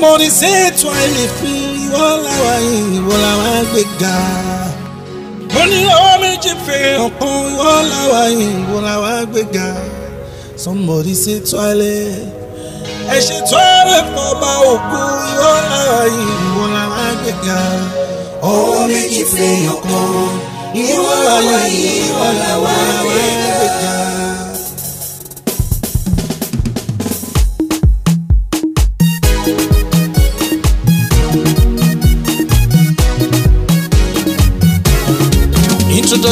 mo ní ṣètò àìlè fún ìwọ làwa ìwọ làwa gbé ga. mo ní ọwọ́ méjì fèrè kan ìwọ làwa ìwọ làwa gbé ga. somebody say toilet. ẹ ṣe toilet fọba òkú ìwọ làwa ìwọ làwa gbé ga. ọwọ́ méjì fèrè kan ìwọ làwa ìwọ làwa gbé ga.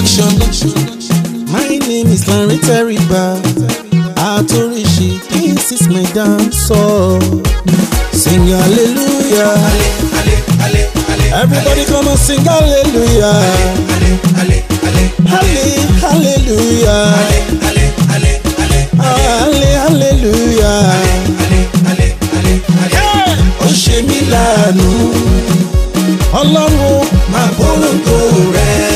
production. My name is Larry Teriba. Atorishi, this is my dance song. Sing hallelujah. Everybody come and sing hallelujah. Hallelujah. Hallelujah. Ó ṣe mí láàánú. Ọlọ́run máa polongo rẹ̀.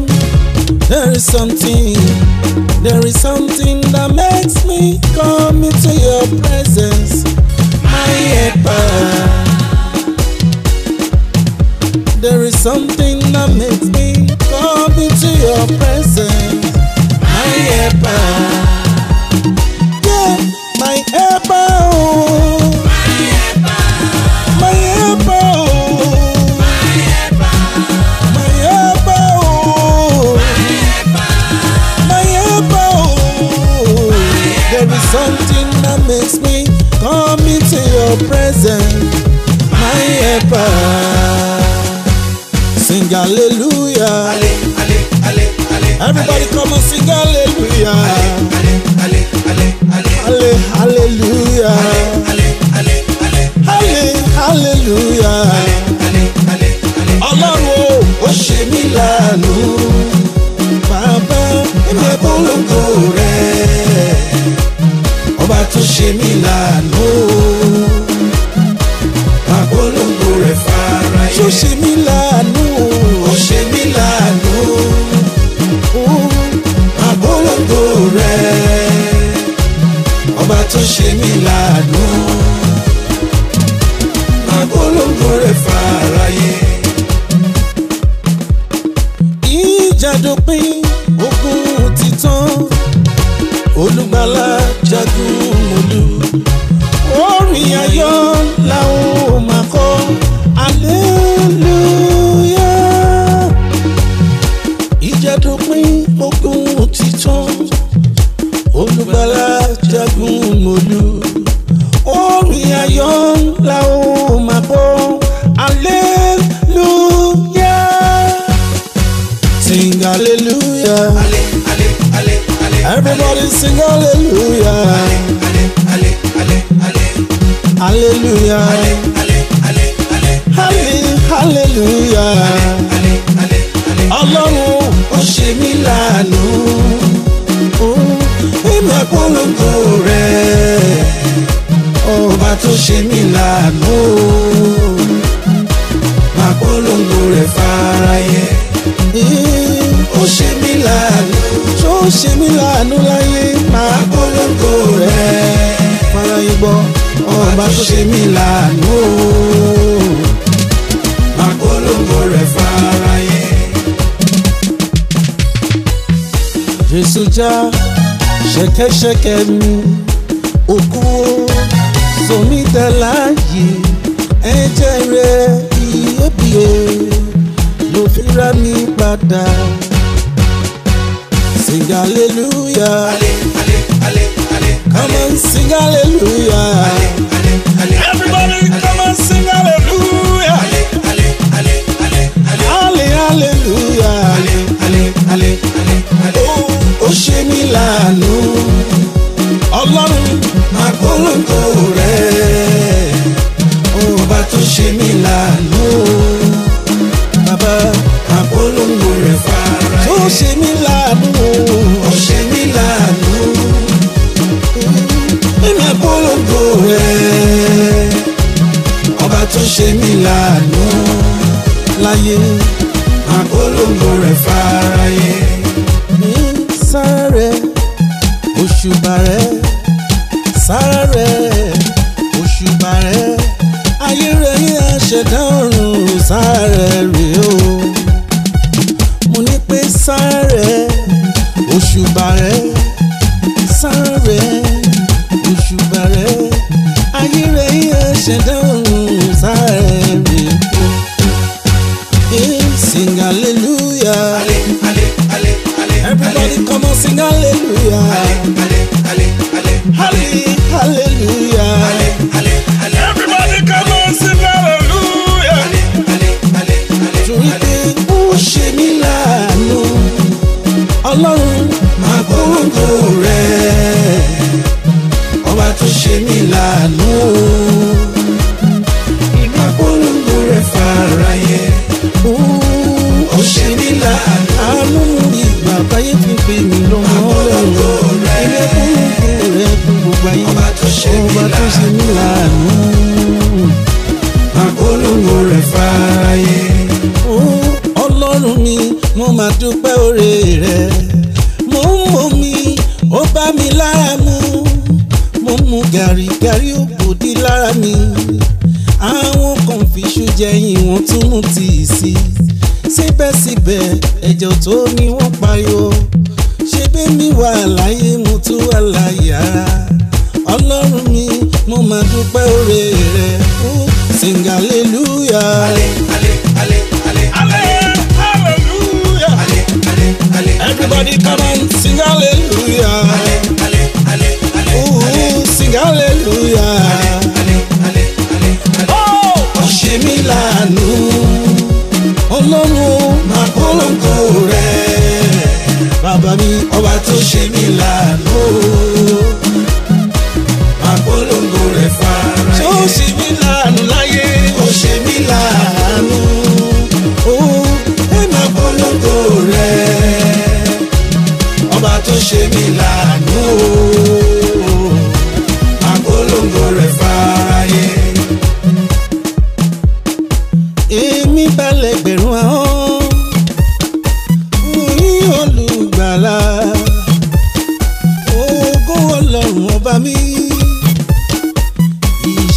There is something, there is something that makes me come into your presence, my helper. There is something that makes me come into your presence, my helper. Papa. Sing hallelujah. Ale, ale, ale, ale, Everybody come and sing hallelujah. Ale, ale, ale, ale, ale. hallelujah. Ale, ale, ale, ale. hallelujah. Ale, ale, ale, ale. Ọlọ́run ó ṣe mí lánú. Bàbá èmi ẹ̀bùn lóko rẹ̀. Ọba tó ṣe mí lánú. Jésù ṣe mí láàánú. Ó ṣe mí láàánú. Àbólògbò rẹ̀ ọba tó ṣe mí láàánú. Àbólògbò rẹ̀ fàráyé. Ìjà dópin ogun ti Olùgbàlà jagun mọ́lú. Orin ayọ̀ làwọn ò máa kọ́ hallelujah ìjẹ́dópin ogun òtítọ́ olùgbàlà jagun mọ́lú orin ayọ̀ ńlá ó máa bọ́ hallelujah sing hallelujah everybody sing hallelujah hallelujah mi hallelujah ọlọ́run ó ṣe mí láàánú ìmọ̀ polongo rẹ̀ ọba tó ṣe mí láàánú máa polongo rẹ̀ fáráyé ó ṣe mí láàánú tó ṣe mí láàánú láyé máa polongo rẹ̀ fáráyé gbọ́ ọba tó ṣe mí láàánú polongo rẹ̀ fáráyé. Jésù já ṣẹ̀kẹ̀ṣẹ̀kẹ̀ mi òkú sọmi tẹ̀láyé ẹ̀jẹ̀ rẹ̀ iyebíye ló fi rà mí padà. Sing hallelujah. Ale, ale, ale, Come on, sing hallelujah. fáráyé. àpolongo rẹ̀ fáráyé. mi sára rẹ̀ òṣùbà rẹ̀ sára rẹ̀ òṣùbà rẹ̀ ayé rẹ̀ yín àṣẹ̀dá ọ̀run sára rẹ̀.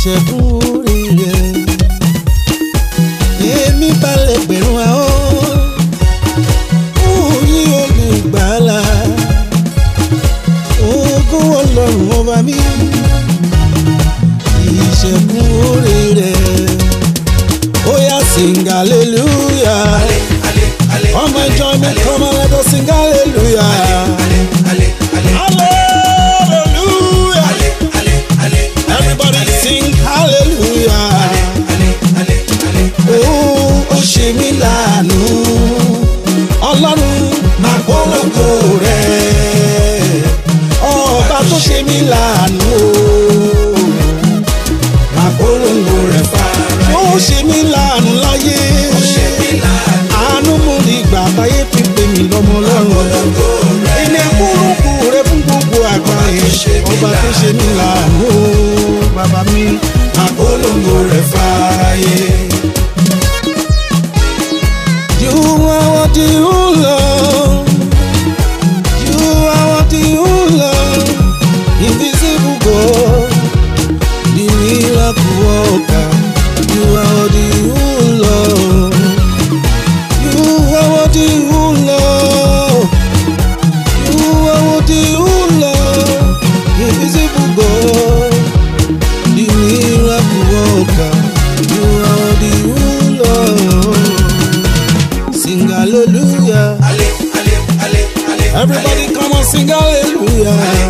ṣẹ́gun oríire èmi balẹ̀ gbẹ̀rún àwọn. ọlọ́run ọba mi ìṣẹ́gun orí rẹ̀ ó yá sing hallelujah ọmọ ìjọ mi kọ́mọ lẹ́tọ̀ sing hallelujah. ṣe mí láàánú ọlọ́run máa gbọ́lọ́gbọ́ rẹ ọba tó ṣe mí láàánú máa gbọ́lọ́gbọ́ rẹ fàárẹ̀ ó ṣe mí láàánú láyé àánú mú ní ìgbà àtàyè fi pè mí lọ́mọ ọlọ́run ilé kúrúkú rẹ fún gbogbo àgbáyé ọba tó ṣe mí láàánú bàbá mi máa gbọ́lọ́gbọ́ rẹ fàárẹ̀. you, I want you. sing hallelujah.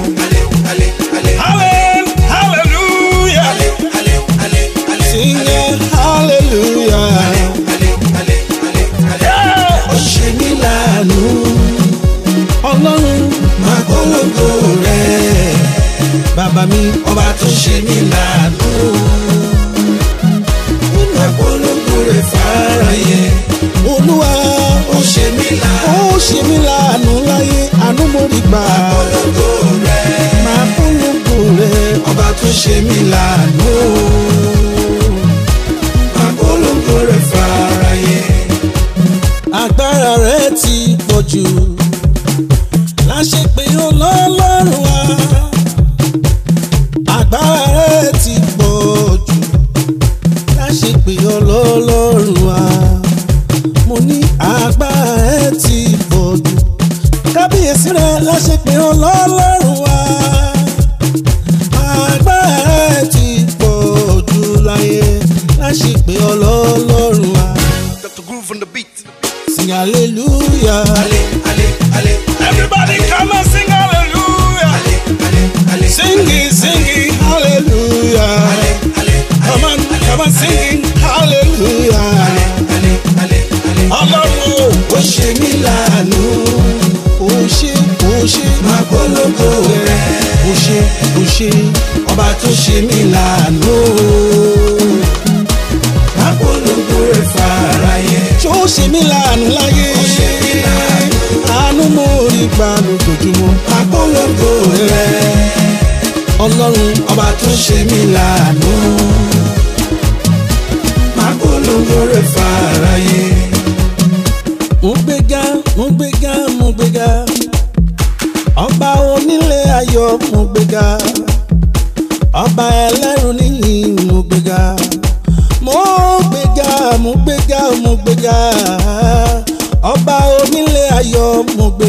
ọlọ́run ọba tó ṣe mí láàánú má polongo rẹ̀ fàráyé. mo gbéga mo gbéga mo gbéga ọba onílé ayọ̀ mo gbéga ọba ẹlẹ́rù níyì mo gbéga mo gbéga mo gbéga mo gbéga ọba onílé ayọ̀ mo gbéga.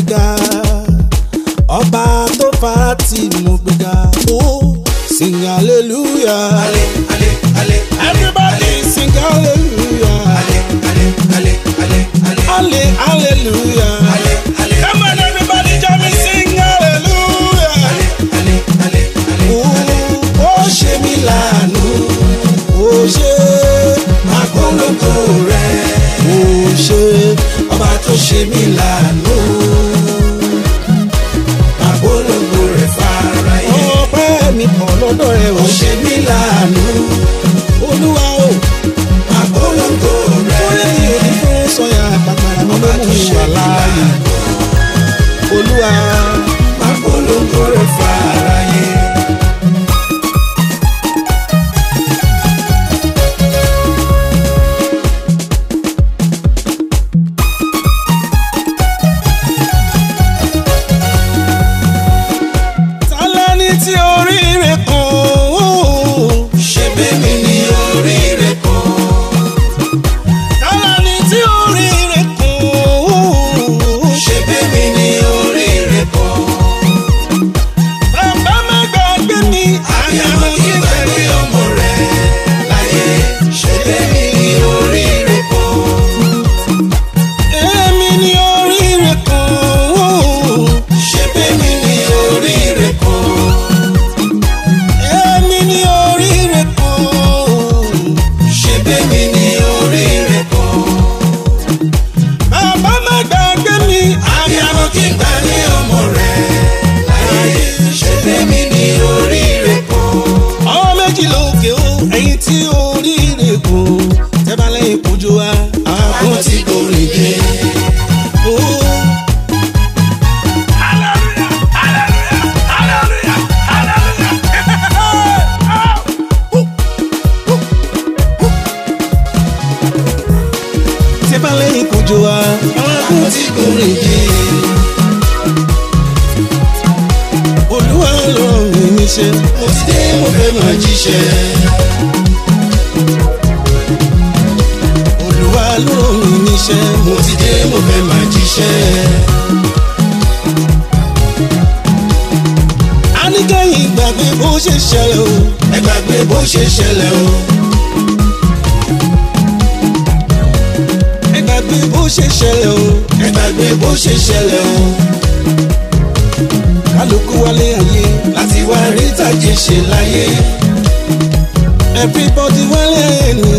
everybody wálé ẹni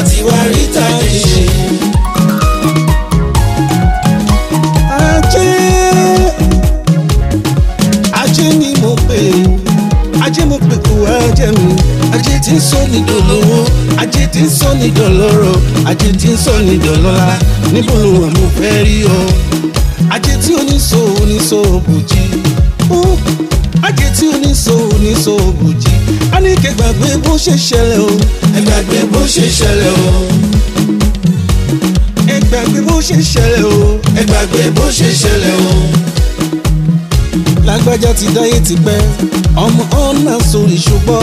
àti wá rí tàyè. ajé ajé ni mo pè ajé mo pè kó ajé mi ajé tí ń sọ ní dolówó ajé tí ń sọ ní dọlọ́rọ̀ ajé tí ń sọ ní dọlọ́lá níbo ló wà mo fẹ́ rí ọ ajé tí oníṣòwò oníṣòwò bòjì àjẹtí oníṣòwò oníṣòwò bùjí a ní kẹ́ gbàgbé bó ṣe ṣẹlẹ̀ o. ẹ gbàgbé bó ṣe ṣẹlẹ̀ o. ẹ gbàgbé bó ṣe ṣẹlẹ̀ o. ẹ gbàgbé bó ṣe ṣẹlẹ̀ o. lágbájá ti dáyé ti pẹ́ ọmọ ọ̀nà sórí ṣùgbọ́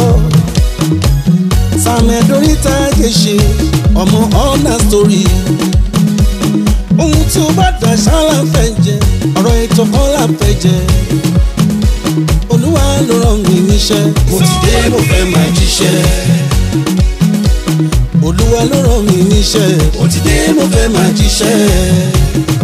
sàmẹ́dórí tá a jẹ ṣe ọmọ ọ̀nà sórí ohun tí ó bá dà ṣáà jẹ ọ̀rọ̀ ètò kan jẹ olúwa ló rán mi níṣẹ́. mo ti dé mo fẹ́ máa jíṣẹ́. olúwa ló rán mi níṣẹ́. mo ti dé mo fẹ́ máa jíṣẹ́.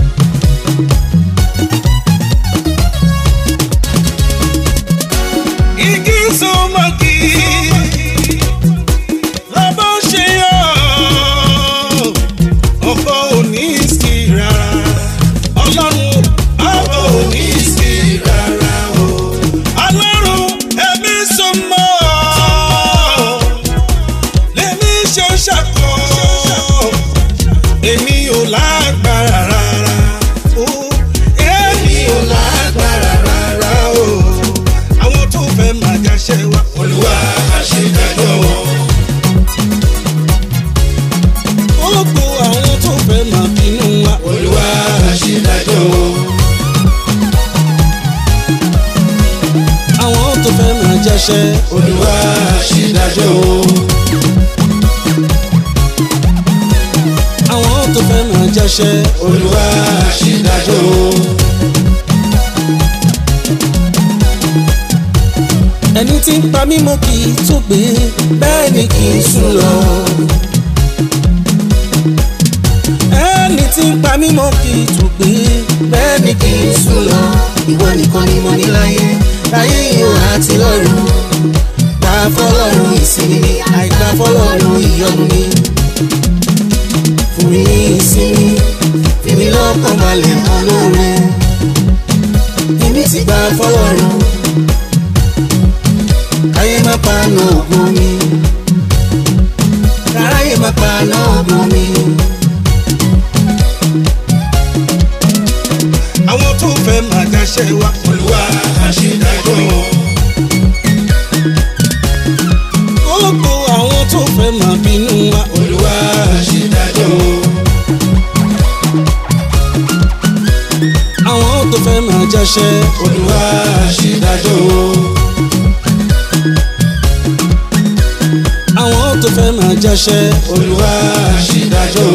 Olúwa ṣìdájọ́ o. àwọn tó fẹ́ máa jẹ́ṣẹ́ Olúwa ṣìdájọ́ o. ẹni tí ń pa mímọ́ kì í tún gbé bẹ́ẹ̀ ni kì í sùn lọ. ẹni tí ń pa mímọ́ kì í tún gbé bẹ́ẹ̀ ni kì í sùn lọ. ìwọ nìkan ni mo ní láyé láyé yìí ó àti lọ́run fọlọ́run ìsinmi ni àìgbà fọlọ́run ìyọnu ni. fún mi ní ìsinmi èmi lọ́kàn balẹ̀ olóore èmi ti gbà fọlọ́run káyé má pa náà ògùn mi káyé má pa náà ògùn mi. àwọn tó fẹ́ máa dáṣẹ́ wa olúwa àṣìdájọ́ wa. fẹ́ ṣe olúwa ṣìdájọ́ o. àwọn tó fẹ́ máa jẹ́ ṣe olúwa ṣìdájọ́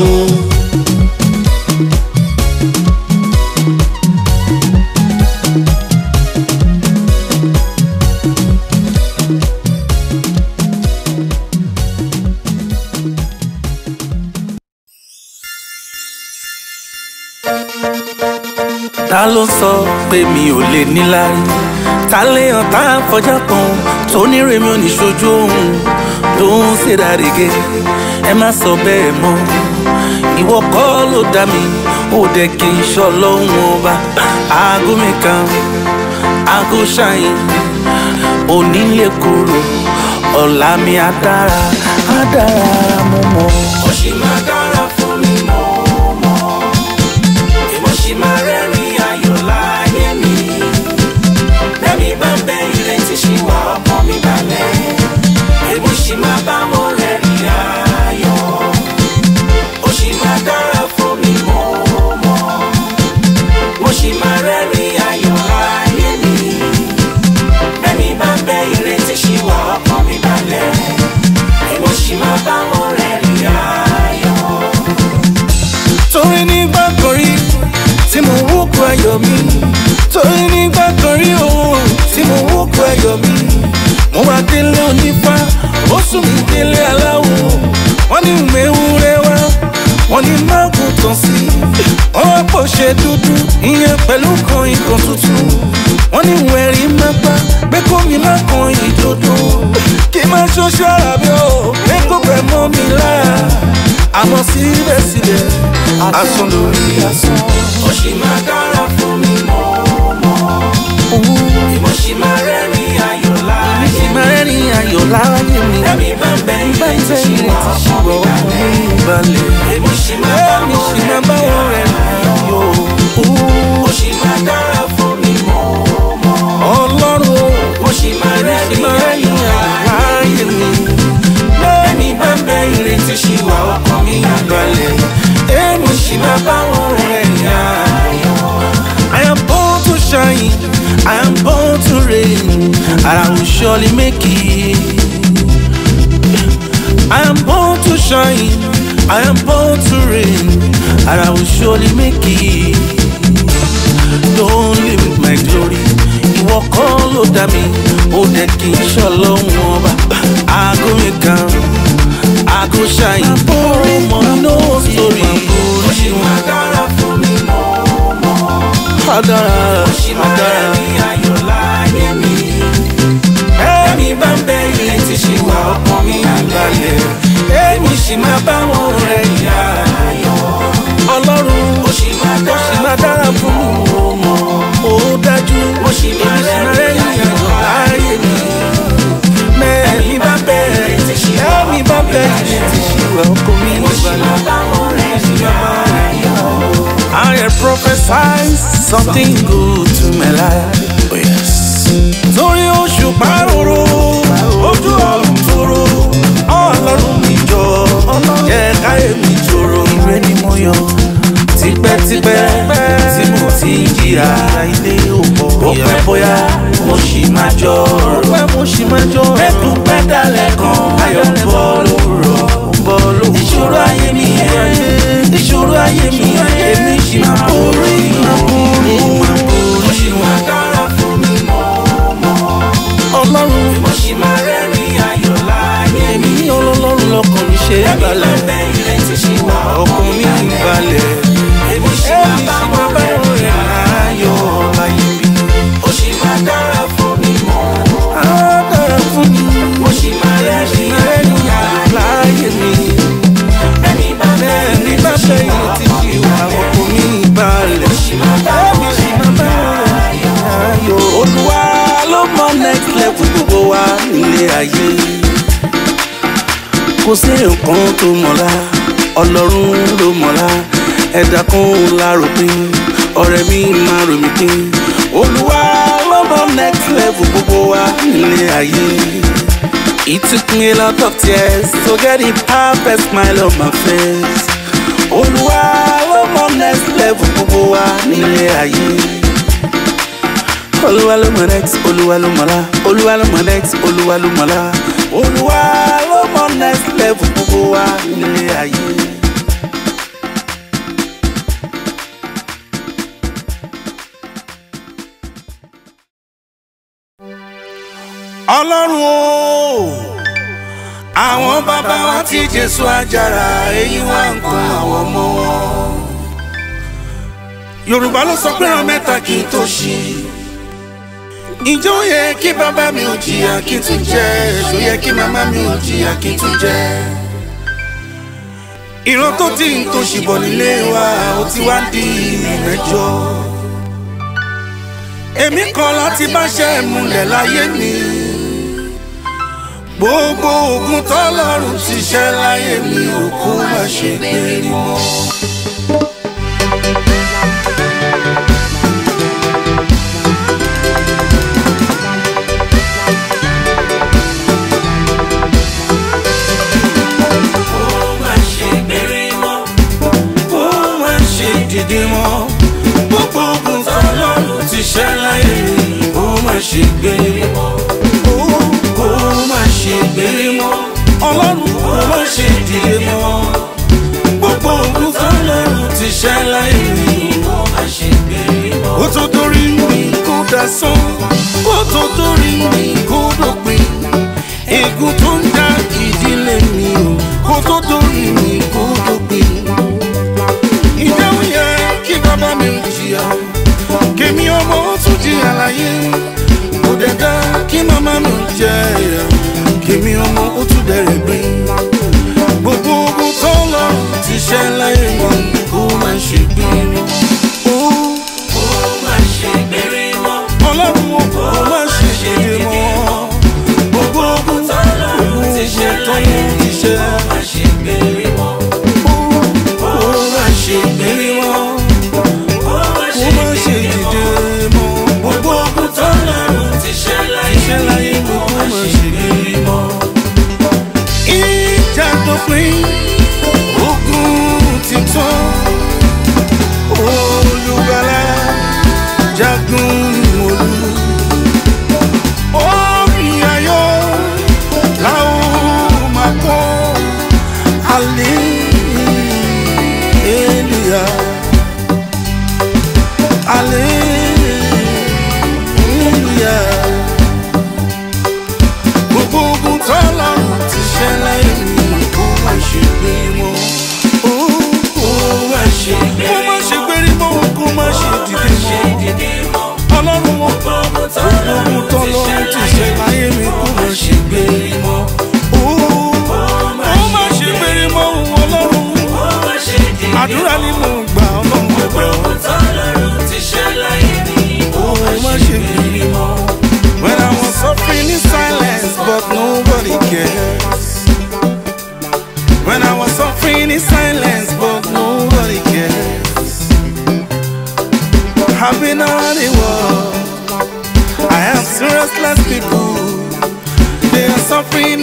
sọ pé mi ò lè níláárí ta léèyàn tá a fọjá kan tó nírèmi ò ní ṣojú òun ló ń ṣe dàrígé ẹ má sọ bẹ́ẹ̀ mọ́ ìwọ kọ́ ló dá mi ó dẹ̀ kí n ṣọ́ lọ́hùn ọba aago mi kan aago ṣáyìn onílé kúrò ọ̀la mi á dára á dára mo ṣì wà ọmọ mi balẹ̀ èmi ṣì máa bá mo rẹ̀ rí ayọ̀ ó ṣì máa dára fún mi mọ́ mọ́ mo ṣì máa rẹ́ rí ayọ̀ ayé mi bẹ́ẹ̀ni bá bẹ ìrètí ṣì wà ọmọ mi balẹ̀ èmi ṣì máa bá mo rẹ̀ rí ayọ̀. torí nígbà kan rí tí mo wúkọ ayọ̀ mi torí nígbà kan rí òun. délé aláwọ̀ wọ́n ní mẹ́wúrẹ́ wá wọ́n ní mágùntàn sí wọ́n pò ṣe dúdú ìyẹn pẹ̀lú kan ìkan tútù wọ́n ní wẹ̀rí mẹ́pà pé kó mi má kan ìdodo kí má ṣoṣọ́ àbí o pé kó pẹ̀ mọ́ mi lára àmọ́ síbẹ̀síbẹ̀ asán lórí asán. ó máa ká. lára ní mi. Ẹ̀mí bá ń bẹ ilé tí ṣì wà ọkọ̀ ìgbàlẹ̀. Èmi ṣì máa bá wọn rẹ̀ mi ayọ̀. Ó ṣì máa dára fún mi mọ̀ mọ̀. Ọlọ́run Ó ṣì máa rẹ̀ mi ayọ̀ mi. Ẹ̀mí bá ń bẹ ilé tí ṣì wà ọkọ̀ mi ìgbàlẹ̀. Èmi ṣì máa bá wọn rẹ̀ mi I am born to shine, I am born to reign, and I will surely make it. I am born to shine, I am born to reign, and I will surely make it. Don't limit my glory. Ìwọ kọ́ ló dá mi, ó dẹ̀ kí n ṣọlọ́run ọba. Aago mi kan, aago ṣàyìn, ó my no story. Ó ṣì máa dára fún mi mọ́ mọ́. Ó dára, ó dára. Ó ṣì máa rẹ̀ ní ayọ̀ láyé mi. ọkọ mi àgbàlẹ̀ èmi sì máa bá wọn rẹ̀ yá ọlọ́run ó sì máa dára fún mi ó dájú ó sì máa rẹ̀ yá láàyè mi mẹ́ẹ̀mí bá bẹ̀rẹ̀ ti ṣe ẹ́ mi bá bẹ̀rẹ̀ ti ṣe ọkọ mi àgbàlẹ̀ èmi prophesize something good to my life. Oh yes. torí oṣù pàrọ̀rọ̀. tó mọ̀lá ọlọ́run ló mọ̀lá ẹ̀dá kan la ọ̀rẹ́ mi máa rò mí pé olúwa lọ́mọ next level gbogbo wa nílé ayé. It took me a lot of tears to get the perfect smile on my face. Olúwa lọ́mọ next level gbogbo wa nílé ayé. Olúwa ló next, Olúwa ló mọ̀lá, Olúwa ló next, Olúwa ló mọ̀lá, Olúwa ló next lẹ́bù gbogbo wa nílé ayé. ọlọ́run o àwọn bàbá wa ti jésù àjàrà èyí wá nǹkan àwọn ọmọ wọn yorùbá ló sọ pé ràn mẹ́ta kì í tó ṣí ìjọ yẹ kí bàbá mi ò jìyà kí tún jẹ èso yẹ kí màmá mi ò jìyà kí tún jẹ. ìran tó ti ń tó ṣìbọ̀ nílé wa ó ti wá di ìmẹ̀jọ. èmi kọ̀ láti bá ṣe múlẹ̀ láyé mi. gbogbo ogun tọ́lọ́run ti ṣe láyé mi òkú má ṣe pé mọ́. gidi mọ́ gbogbo ogun tọ́lọ́run ti ṣẹ́ láyé mi kó má ṣe gbé mọ́ kó má ṣe gbé mọ́ ọlọ́run kó má ṣe dìde mọ́ gbogbo ogun tọ́lọ́run ti ṣẹ́ láyé mi kó má ṣe gbé mọ́ ó tó torí mi kó dasán ó tó torí mi kó dópin ègún tó ń dá ìdílé mi o kó tó torí mi kó dópin. àlàyé kémi ọmọ tún jí àlàyé kò dẹ̀ dá kí màmá mi jẹ́ kémi ọmọ ó tún dẹ̀rẹ̀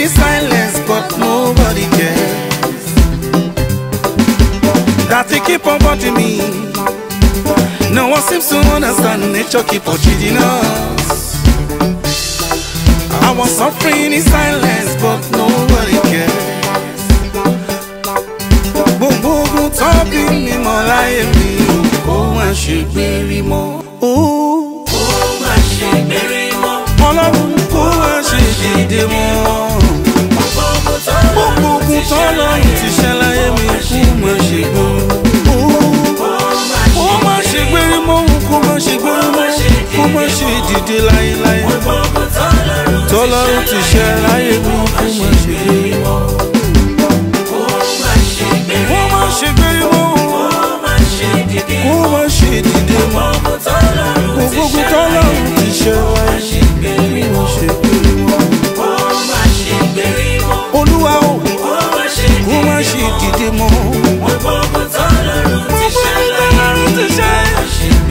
be silence, but nobody cares. That they keep on wanting me. No one seems to understand nature keep on cheating us. I was suffering in silence, but nobody cares. Boom, boom, boom, talking in my life. Oh, I should be remote. Oh, oh, I should be remote. Ọlọ́run kó wá ṣe dédé mọ́ òkùnkùn tọ́lọ́ yìí ti ṣàlàyé mi kú má ṣe gbọ́. kó má ṣe gbérí mọ́hún kó má ṣe gbérí mọ́hún kó má ṣe dìde láéláé. tọ́lọ́ yìí ti ṣàlàyé mi kú má ṣe gbérí mọ́hún. kó má ṣe gbérí mọ́hún kó má ṣe dìde mọ́hún. òkùnkùn tọ́lọ́ yìí ti ṣàlàyé mi kú má ṣe gbérí mọ́hún. ti mú. gbogbo kò tó lọ́rùn ti ṣe lọ́rùn ti ṣe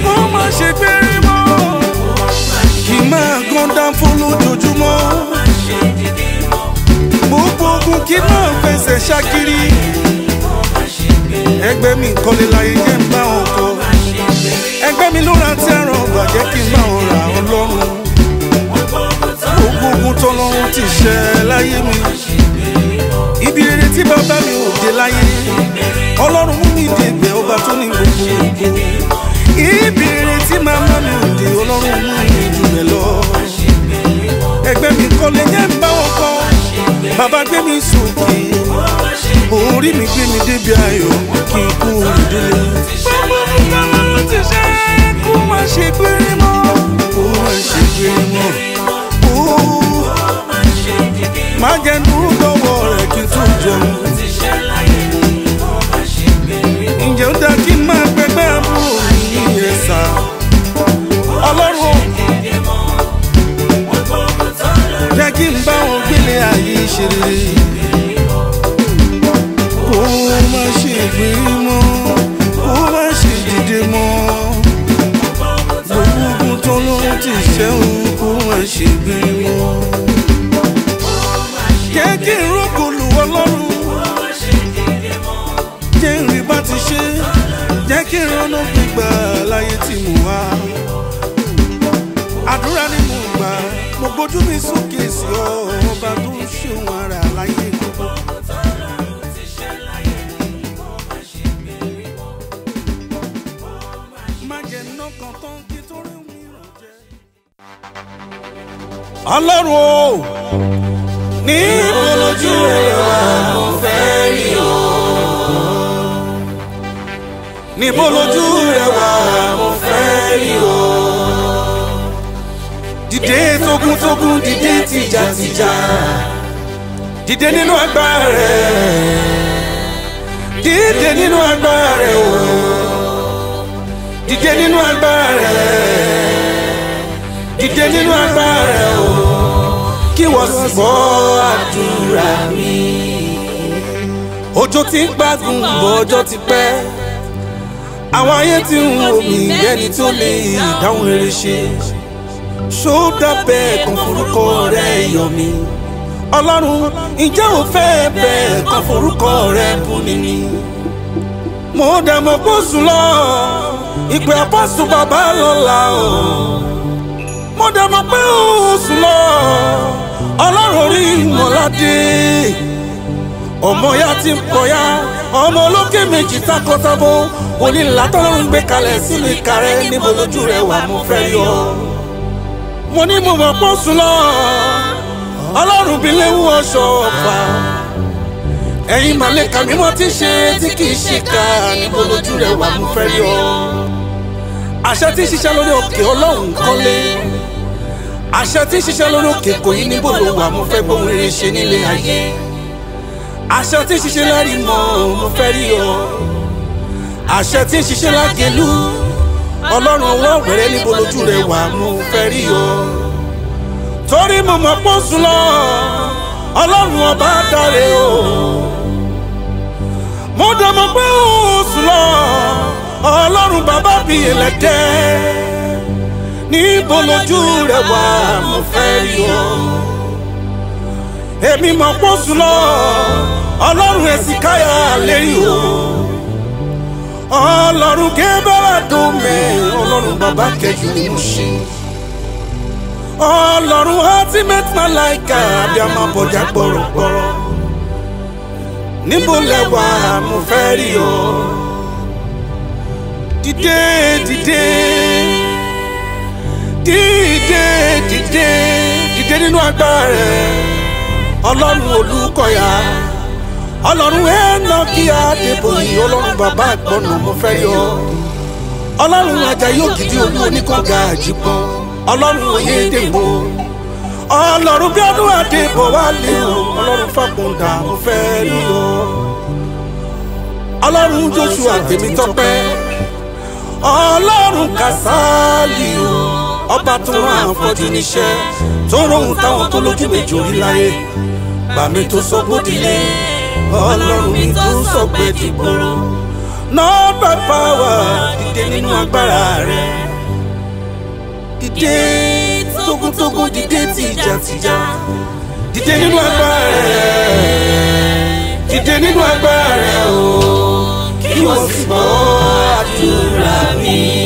mo máa ṣe gbére mọ́. kì í máa gan dánfó lójoojúmọ́. gbogbo ogun kì í máa fẹsẹ̀ ṣákiri. ẹgbẹ́ mi kọ́lé láyé jẹ́ ń bá wọn ẹgbẹ́ mi ló ra ti ẹran bàjẹ́ kí n bá wọn ra ọlọ́run. gbogbo ogun tọ́lọ́run ti ṣe láyé mi ibi rere tí bàbá mi ò dé láyé ọlọ́run mú mi dé ibẹ̀ ọba tó ní gbogbo ibi rere tí màmá mi ò dé ọlọ́run mú mi jù lọ ẹgbẹ́ mi kọ́lé yẹn ń bá wọn kọ́ bàbá gbé mi sókè orí mi gbé mi débi ayọ̀ kí n kú òdìdílé. bàbá mi bá wọn ti ṣe kó má ṣe gbére mọ́ kó má ṣe gbére mọ́ kó má ṣe gbére mọ́ má jẹ́ dúró jẹun. ǹjẹ́ ó dáa kí n máa pẹgbẹ́ àbúrò yìí ẹ̀ sá ọlọ́run jẹ́ kí n bá wọn gbélé ayé ṣe rere. kí ìrànà gbígbà láyé tí mo wá. àdúrà ni mo gbà mo gbójú mi sókè sí ọ ọba tó ń ṣe ara láyé ọlọ́run o. ní ìbòlójú rẹ̀ wá mo fẹ́ rí. níbo lójú rẹ wà mo fẹ́ rí o. dìde tógúntógún dìde tìjàtìjà dìde nínú agbára rẹ dìde nínú agbára rẹ o dìde nínú agbára rẹ dìde nínú agbára rẹ o kí wọ́n sì gbọ́ àdúrà mi. òjò tí ń gbádùn bọ̀ ọjọ́ ti pẹ́ àwọn ayé tí ń wò mí ẹni tó lè dáhùn rere ṣe ṣó dábẹ́ kan forúkọ rẹ yọ mi ọlọ́run ǹjẹ́ ò fẹ́ bẹ́ẹ̀ kan forúkọ rẹ bù mí ni mo dà mọ́ kó lọ ìpè àpọ́sùn bàbá lọ́la o mo dà mọ́ pé ó sùn lọ ọlọ́run orí ìmọ̀ládé ọmọ ya ti ń kọ ya ọmọ olókè méjì takọtabo onílà tọ́lọ́run gbé kalẹ̀ sílùú Ìkàrẹ́ níbo lójú rẹ̀ wà mo fẹ́ yọ. mo ní mo mọ̀ pọ́ sùn lọ ọlọ́run bí léwu ọ̀ṣọ́ ọ̀fà ẹ̀yin màlẹ́kà mímọ́ ti ṣe tí kì í ṣe ká níbo lójú rẹ̀ wà mo fẹ́ yọ. àṣẹ tí ṣiṣẹ́ lórí òkè ọlọ́run kọ́lé àṣẹ tí ṣiṣẹ́ lórí òkè kò yí níbo ló wà mo fẹ́ gbóhùn rere ṣe nílé ayé àṣẹ tí ń ṣiṣẹ́ lárí mọ́ mo fẹ́ rí ọ àṣẹ tí ń ṣiṣẹ́ lágẹ̀lú ọlọ́run ọwọ́ wẹ̀rẹ́ níbo lójú rẹ wà mo fẹ́ rí ọ torí mo mọ̀ pọ́ sùn lọ ọlọ́run ọba dáre o mo dẹ̀ mọ̀ pé ó sùn lọ ọlọ́run bàbá bí ẹlẹ́dẹ́ níbo lójú rẹ wà mo fẹ́ rí ọ èmi mọ̀ pọ̀ sùn lọ ọlọ́run èsì káyà lérí o ọlọ́run ké bára dùn mẹ́ ọlọ́run bàbá kẹjù ni mo ṣe ọlọ́run ultimate malaika abiyamọ bọ̀dá gbọ̀rọ̀gbọ̀rọ̀ níbo lẹ wà mo fẹ́ rí o dìde dìde dìde dìde dìde nínú agbára rẹ ọlọ́run olùkọ́yà ọlọ́run ẹ̀ẹ́nàkí adébóyè ọlọ́run bàbá àgbọ̀nà mo fẹ́ yọ ọlọ́run ajayi ògidì olú oníkọ̀gà àjìpọ̀ ọlọ́run oyèdèwò ọlọ́run bíọ́dún adébọ̀wálé o ọlọ́run fàkùndà mo fẹ́ yọ ọlọ́run joshua tèmítọ́pẹ́ ọlọ́run kàsálì o ọba tó rán àfọ́jú níṣẹ́ tó rohùn táwọn tó lójú méjì orí láyé bàmí tó sọ́kùdílé ọlọ́run mi tó sọ pé dìgbòrò nọ́ọ̀bà pàwà dìde nínú agbára rẹ̀ dìde tógúntógún dìde tìjàtìjà dìde nínú agbára rẹ̀ dìde nínú agbára rẹ̀ o kí wọ́n sì gbọ́ àdúrà mi.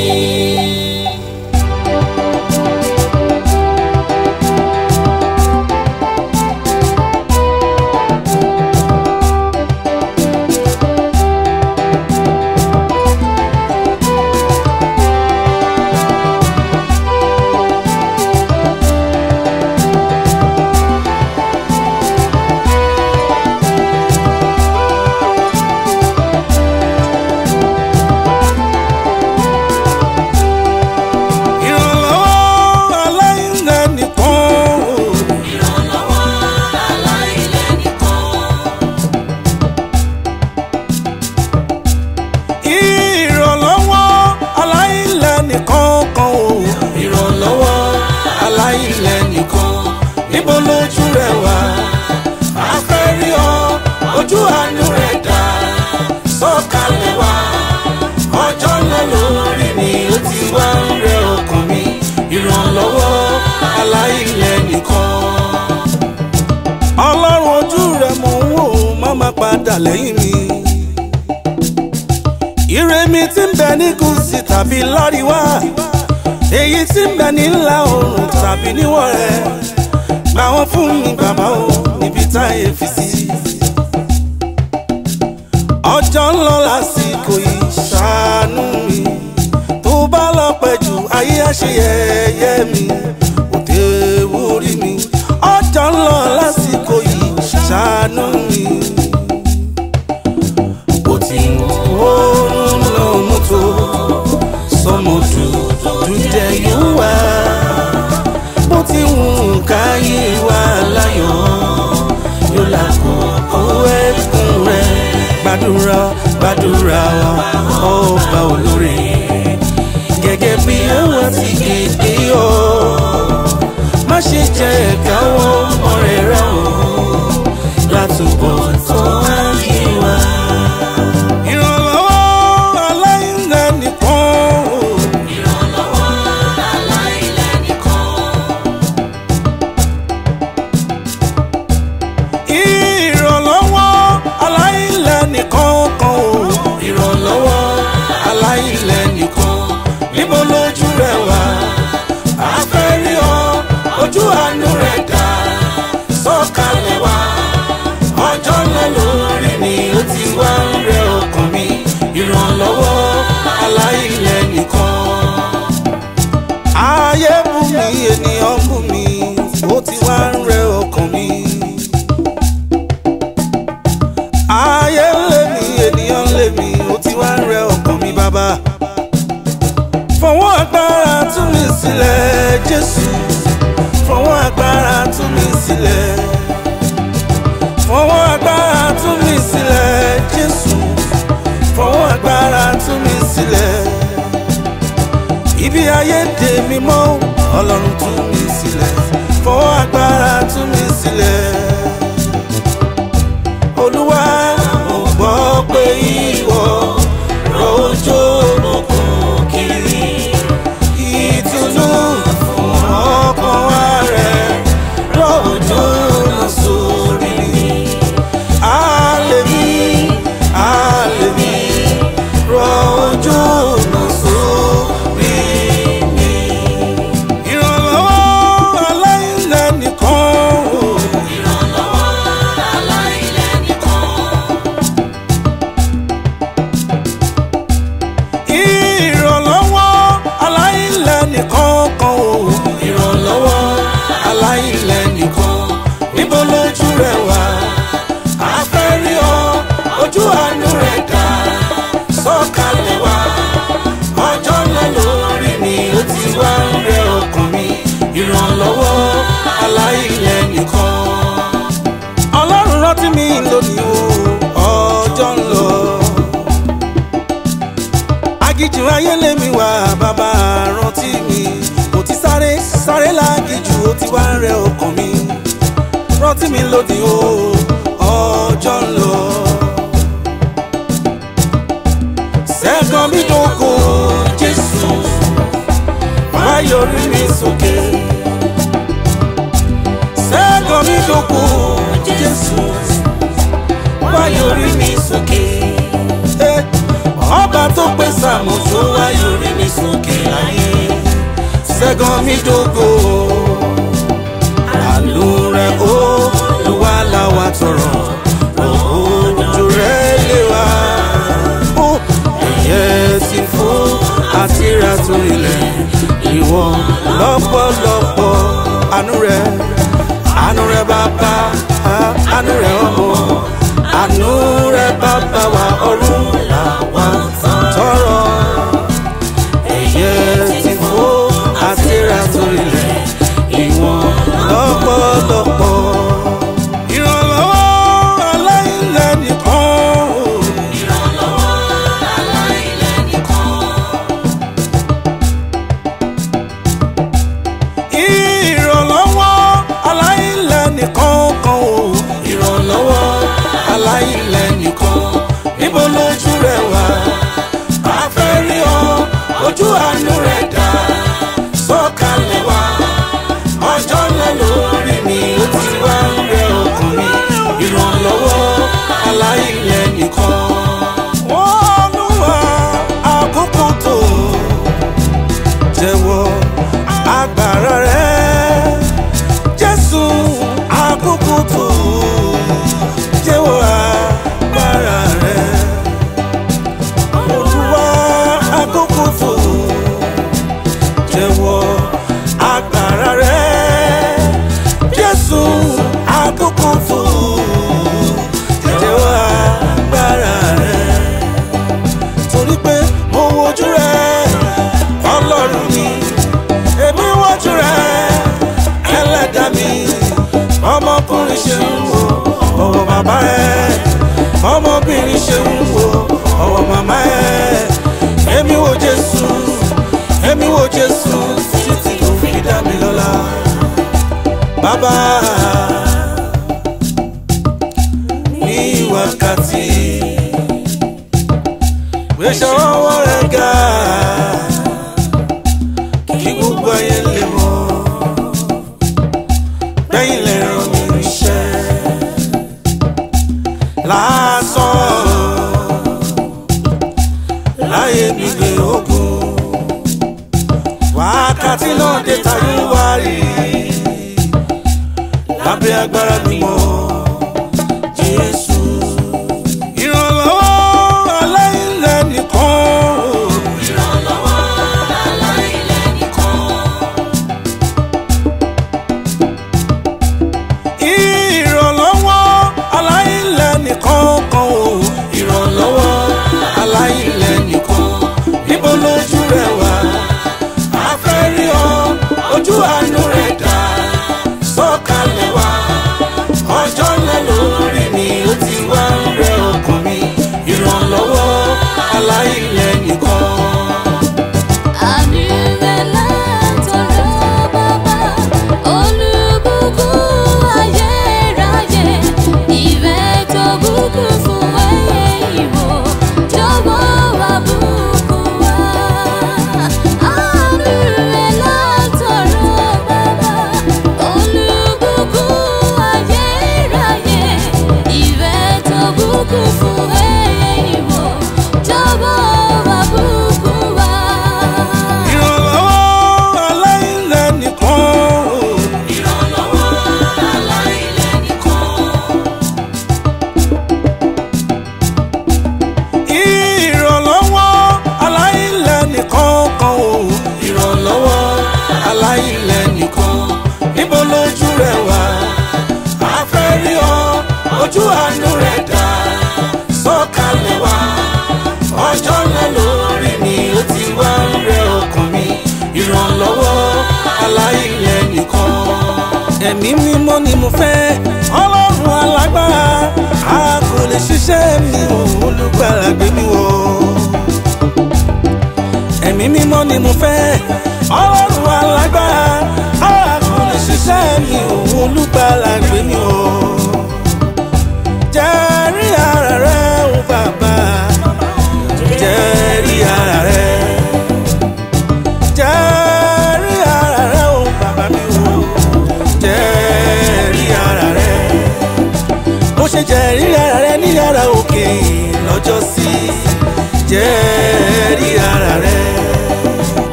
ewúrẹ́ bàbá wa ọ̀run.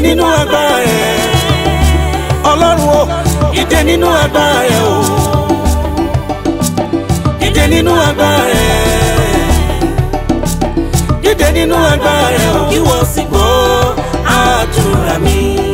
ìdè nínú agbára rẹ̀ ọlọ́run o ìdè nínú agbára rẹ̀ o ìdè nínú agbára rẹ̀ ìdè nínú agbára rẹ̀ o kí wọ́n sì gbọ́ àdúrà mi.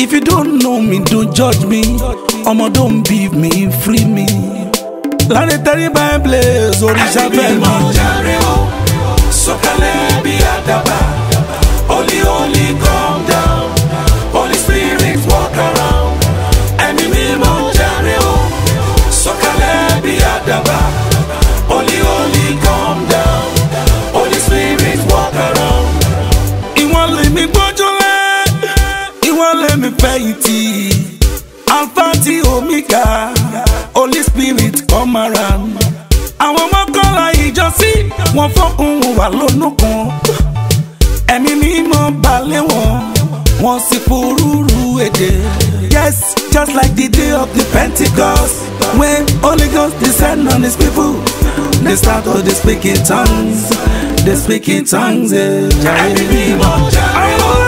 If you don't know me, don't judge me. Omo, don't beat me, free me. Lánàá tẹ́rìbá ẹ̀ place oríṣà fẹ́ mi. Àbí mo jàre o, sọ̀kalẹ̀ bí àdàbà, olí olí kan. gíga holy spirit come around. àwọn mọ́kànlá ìjọsí wọn fọ́kùn wọn wà lónúkun ẹ̀mí mímọ́ balẹ̀ wọn wọn sì pòrúurú èdè. yes just like the day of the Pentecost when Holy Ghost descend on his people they start to dey speak in tongues dey speak in tongues. Eh. ẹ̀mí mímọ́ jẹ́ mi.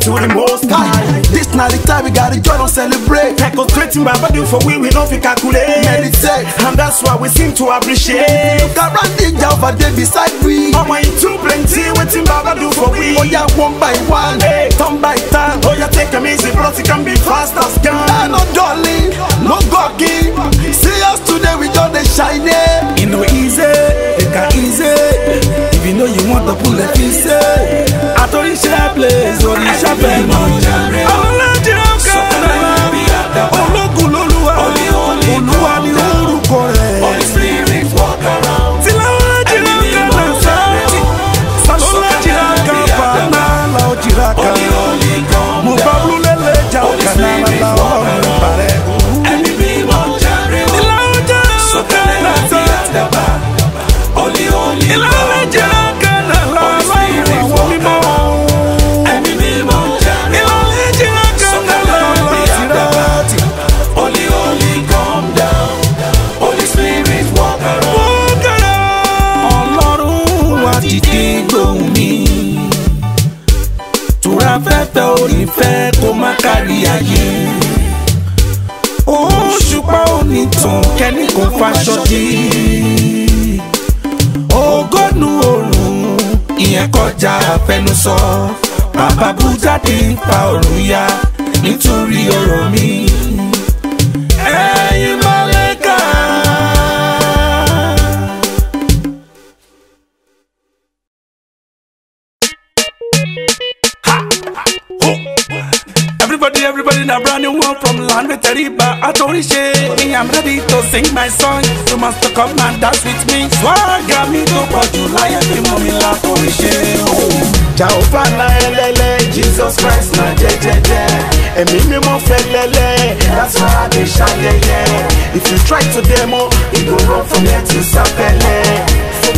glory to the most high. This na the time we gotta join and celebrate. in my body for we, we no fit calculate. Meditate, and that's why we seem to appreciate. Look around the Java dey beside we. Ọmọ oh, ìtú plenty wetin baba do for we. Oya oh, one by one, hey, turn by turn. Oya oh, take am easy, but it can be fast as can. I ah, no jolly, no goggy. See us today, we just dey shining. E no easy, e ka easy if you know you want the pull let me say àtòríṣẹ́ blaze oríṣẹ́ bẹ́ẹ̀ mọ́ ọlọ́jẹ́ ọ̀gá ọlọ́gùn lólúwa olúwa. fàṣọdì ogónù òrùn ìyẹn kọjá àfẹnusọ bàbá bú jáde ń pa òrùn ya nítorí ọ̀rọ̀ mi. tẹríba àtòríṣe. me i'm ready to sing my song you must come and dance with me. swagger mi tó pọ̀ jù láyé mi mú mi látòríṣe. jàǹfà náà ẹlẹ́lẹ́ jesus christ náà jẹ́jẹ́jẹ́ ẹ̀mí mímọ́ fẹ́lẹ́lẹ́ that's why i dey ṣayẹyẹ. if you try to demo e go run from here to sapele.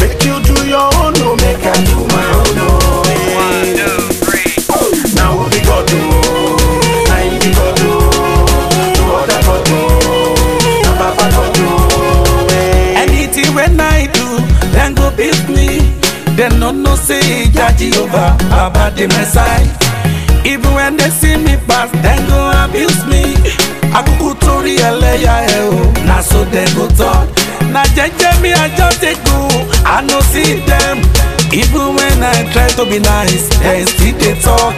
make you do your own no make i do my own eh. one two three. Now we be to. o. Dem no know say Jah Jehovah Baba the side. Even when they see me pass, dem go abuse me. Akuku torí ẹlẹ́yà ẹ̀ o, na so dem go talk. Na jẹ́jẹ́ mi I just dey go, I no see dem. Even when I try to be nice, dem still dey talk.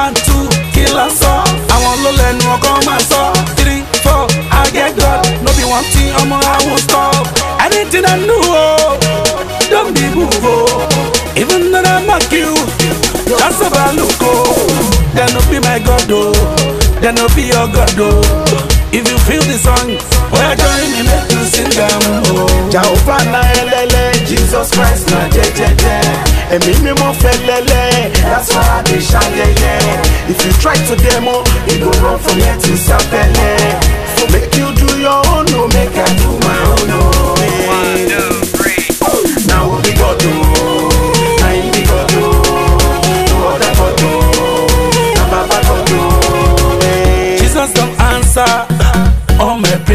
One two kill kí lásán, àwọn ló lẹnu ọkọ máa sọ. your God though. If you feel the song, well join me make you sing them. Oh. Jao fana elele, Jesus Christ na jejeje. Emi mi mo felele, that's why I dey yeah. If you try to demo, it go run from here to sapele. So make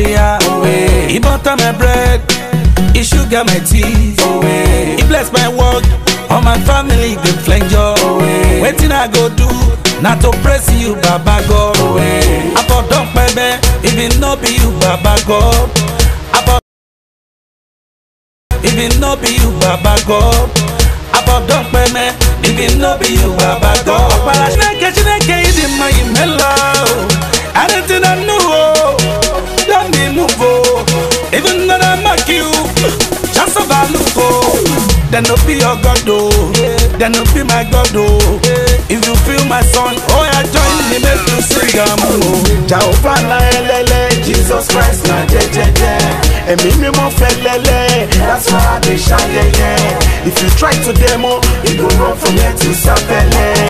prayer. Oh, hey. He butter my bread. He sugar my teeth. Oh, hey. He bless my work. All my family dey flenjo. Oh, hey. Wetin I go do? Not to praise you, Baba God. Oh, hey. I for my pebe, even no be you, Baba God. I for even no be you, Baba God. I for my pebe, even no be you, Baba God. Ọ̀pára Chineke Chineke yìí di mọ ìmẹ́lá o. Anything I know. Oh. can be move Even though they mock you, just a value oh. no be your God oh, then no be my God oh. If you feel my son, oh yeah, join me make you sing am um, oh. Jehovah na elele, Jesus Christ na je. And me me mo fẹ́ lẹ́lẹ́, that's why I dey ṣayẹyẹ. If you try to demo, you go run from here to Sapele.